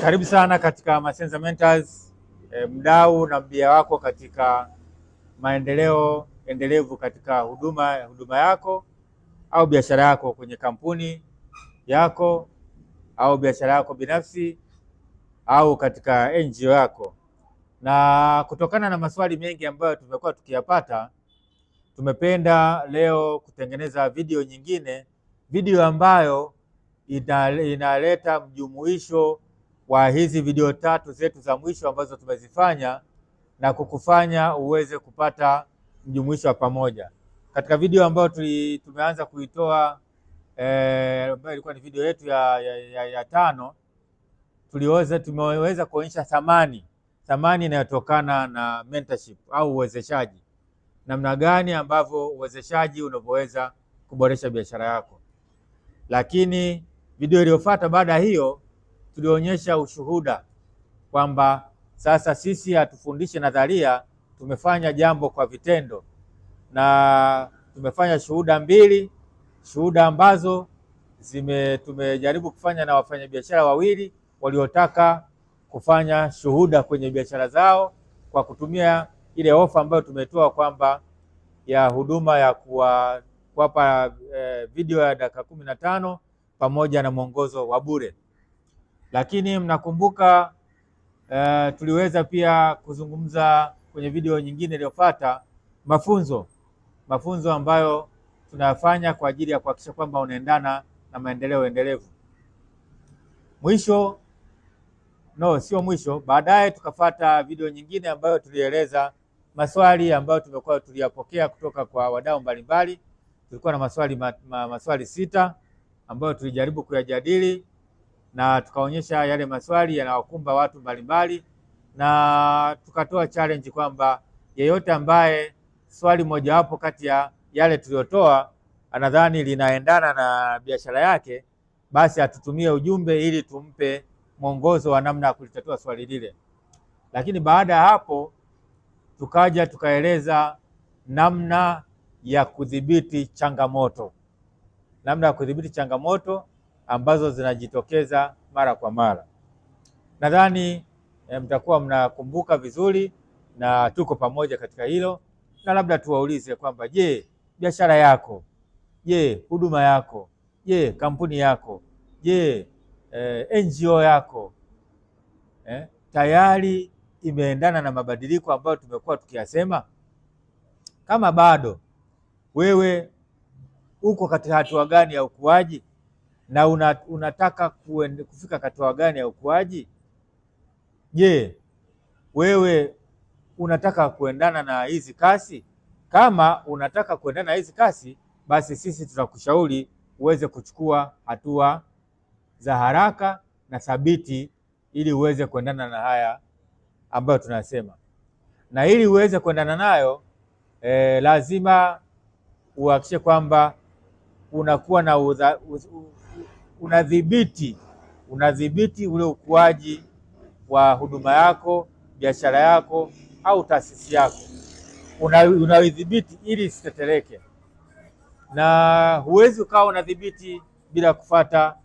Karibu sana katika Masenza Mentors, e, mdau na mbia wako katika maendeleo endelevu katika huduma huduma yako au biashara yako kwenye kampuni yako au biashara yako binafsi au katika NGO yako. Na kutokana na maswali mengi ambayo tumekuwa tukiyapata, tumependa leo kutengeneza video nyingine, video ambayo inaleta mjumuisho wa hizi video tatu zetu za mwisho ambazo tumezifanya na kukufanya uweze kupata mjumuisho wa pamoja. Katika video ambayo tumeanza kuitoa eh, ambayo ilikuwa ni video yetu ya, ya, ya, ya tano tuliweza tumeweza kuonyesha thamani thamani inayotokana na mentorship au uwezeshaji, namna gani ambavyo uwezeshaji unavyoweza kuboresha biashara yako. Lakini video iliyofuata baada ya hiyo tulionyesha ushuhuda kwamba sasa sisi hatufundishi nadharia, tumefanya jambo kwa vitendo, na tumefanya shuhuda mbili, shuhuda ambazo zime tumejaribu kufanya na wafanyabiashara wawili waliotaka kufanya shuhuda kwenye biashara zao kwa kutumia ile ofa ambayo tumetoa kwamba ya huduma ya kuwa kuwapa eh, video ya dakika kumi na tano pamoja na mwongozo wa bure. Lakini mnakumbuka uh, tuliweza pia kuzungumza kwenye video nyingine iliyofuata mafunzo, mafunzo ambayo tunayafanya kwa ajili ya kuhakikisha kwamba unaendana na maendeleo endelevu. Mwisho no, sio mwisho, baadaye tukafata video nyingine ambayo tulieleza maswali ambayo tumekuwa tuliyapokea kutoka kwa wadau mbalimbali. Tulikuwa na maswali ma, ma, maswali sita ambayo tulijaribu kuyajadili na tukaonyesha yale maswali yanawakumba watu mbalimbali, na tukatoa challenge kwamba yeyote ambaye swali mojawapo kati ya yale tuliyotoa anadhani linaendana na biashara yake, basi atutumie ujumbe ili tumpe mwongozo wa namna ya kulitatua swali lile. Lakini baada ya hapo tukaja tukaeleza namna ya kudhibiti changamoto, namna ya kudhibiti changamoto ambazo zinajitokeza mara kwa mara. Nadhani e, mtakuwa mnakumbuka vizuri na tuko pamoja katika hilo, na labda tuwaulize kwamba je, biashara yako, je, huduma yako, je, kampuni yako, je, e, eh, NGO yako e, tayari imeendana na mabadiliko ambayo tumekuwa tukiyasema? Kama bado, wewe uko katika hatua gani ya ukuaji? na una, unataka kuen, kufika hatua gani ya ukuaji? Je, wewe unataka kuendana na hizi kasi? Kama unataka kuendana na hizi kasi, basi sisi tutakushauri uweze kuchukua hatua za haraka na thabiti ili uweze kuendana na haya ambayo tunasema, na ili uweze kuendana nayo eh, lazima uhakikishe kwamba unakuwa na unadhibiti unadhibiti ule ukuaji wa huduma yako, biashara yako au taasisi yako, unaidhibiti ili isitetereke, na huwezi ukawa unadhibiti bila kufata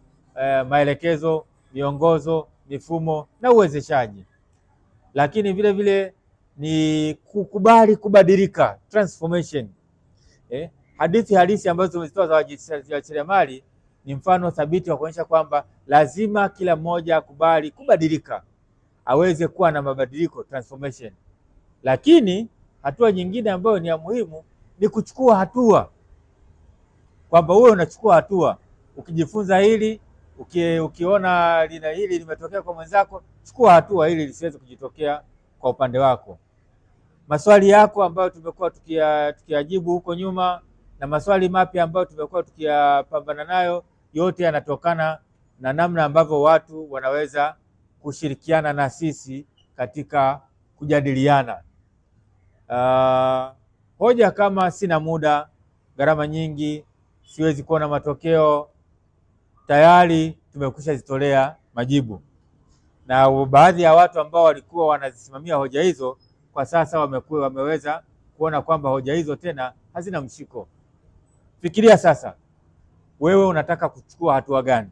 eh, maelekezo, miongozo, mifumo na uwezeshaji. Lakini vile vile ni kukubali kubadilika, transformation eh? Hadithi halisi ambazo tumezitoa za wajasiriamali ni mfano thabiti wa kuonyesha kwamba lazima kila mmoja akubali kubadilika, aweze kuwa na mabadiliko transformation. Lakini hatua nyingine ambayo ni ya muhimu ni kuchukua hatua, kwamba wewe unachukua hatua. Ukijifunza hili uki, ukiona lina hili limetokea kwa mwenzako, chukua hatua ili lisiweze kujitokea kwa upande wako. Maswali yako ambayo tumekuwa tukiyajibu huko nyuma na maswali mapya ambayo tumekuwa tukiyapambana nayo, yote yanatokana na namna ambavyo watu wanaweza kushirikiana na sisi katika kujadiliana uh, hoja kama sina muda, gharama nyingi, siwezi kuona matokeo, tayari tumekwisha zitolea majibu, na baadhi ya watu ambao walikuwa wanazisimamia hoja hizo kwa sasa wamekuwa wameweza kuona kwamba hoja hizo tena hazina mshiko. Fikiria sasa, wewe unataka kuchukua hatua gani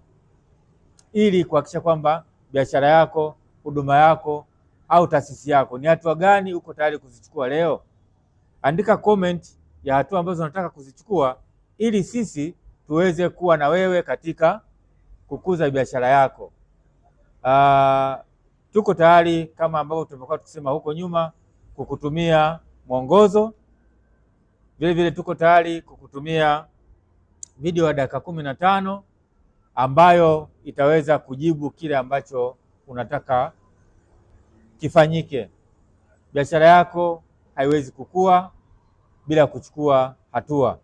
ili kuhakikisha kwamba biashara yako, huduma yako au taasisi yako, ni hatua gani uko tayari kuzichukua leo? Andika comment ya hatua ambazo unataka kuzichukua ili sisi tuweze kuwa na wewe katika kukuza biashara yako. Uh, tuko tayari kama ambavyo tumekuwa tukisema huko nyuma kukutumia mwongozo vile vile tuko tayari kukutumia video ya dakika kumi na tano ambayo itaweza kujibu kile ambacho unataka kifanyike. Biashara yako haiwezi kukua bila kuchukua hatua.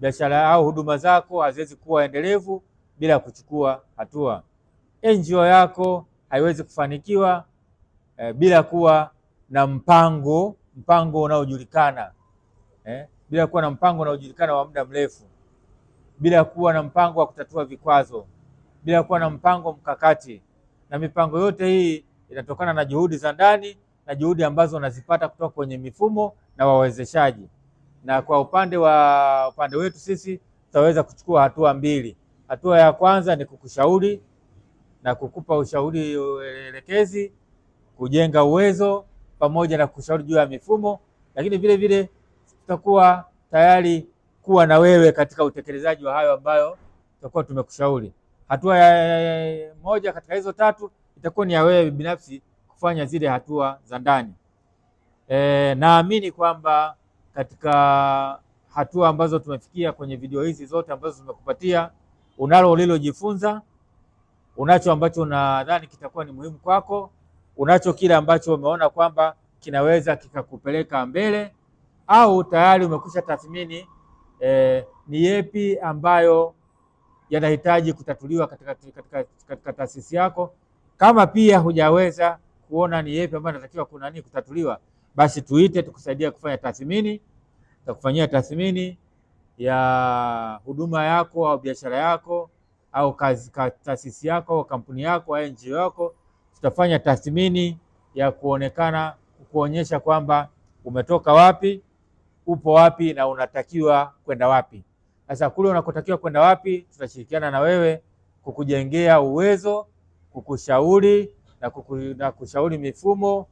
Biashara au huduma zako haziwezi kuwa endelevu bila kuchukua hatua. NGO yako haiwezi kufanikiwa eh, bila kuwa na mpango mpango unaojulikana eh bila kuwa na mpango unaojulikana wa muda mrefu, bila kuwa na mpango wa kutatua vikwazo, bila kuwa na mpango mkakati. Na mipango yote hii inatokana na juhudi za ndani na juhudi ambazo wanazipata kutoka kwenye mifumo na wawezeshaji. Na kwa upande wa upande wetu sisi tutaweza kuchukua hatua mbili. Hatua ya kwanza ni kukushauri na kukupa ushauri elekezi, kujenga uwezo pamoja na kushauri juu ya mifumo, lakini vile vile tutakuwa tayari kuwa na wewe katika utekelezaji wa hayo ambayo tutakuwa tumekushauri. Hatua ya moja katika hizo tatu itakuwa ni ya wewe binafsi kufanya zile hatua za ndani. E, naamini kwamba katika hatua ambazo tumefikia kwenye video hizi zote ambazo tumekupatia, unalo ulilojifunza, unacho ambacho unadhani kitakuwa ni muhimu kwako, unacho kile ambacho umeona kwamba kinaweza kikakupeleka mbele au tayari umekwisha tathmini eh, ni yepi ambayo yanahitaji kutatuliwa katika, katika, katika taasisi yako. Kama pia hujaweza kuona ni yepi ambayo inatakiwa kuna nini kutatuliwa, basi tuite tukusaidia kufanya tathmini, tutakufanyia tathmini ya huduma yako au biashara yako au kazi, taasisi yako au kampuni yako au NGO yako. Tutafanya tathmini ya kuonekana kuonyesha kwamba umetoka wapi upo wapi na unatakiwa kwenda wapi. Sasa kule unakotakiwa kwenda wapi, tutashirikiana na wewe kukujengea uwezo, kukushauri na, kuku, na kushauri mifumo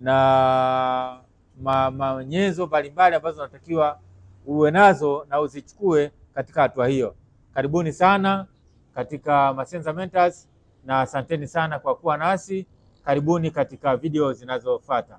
na ma, ma, mbalimbali ambazo unatakiwa uwe nazo na uzichukue katika hatua hiyo. Karibuni sana katika Masenza Mentors na asanteni sana kwa kuwa nasi. Karibuni katika video zinazofuata.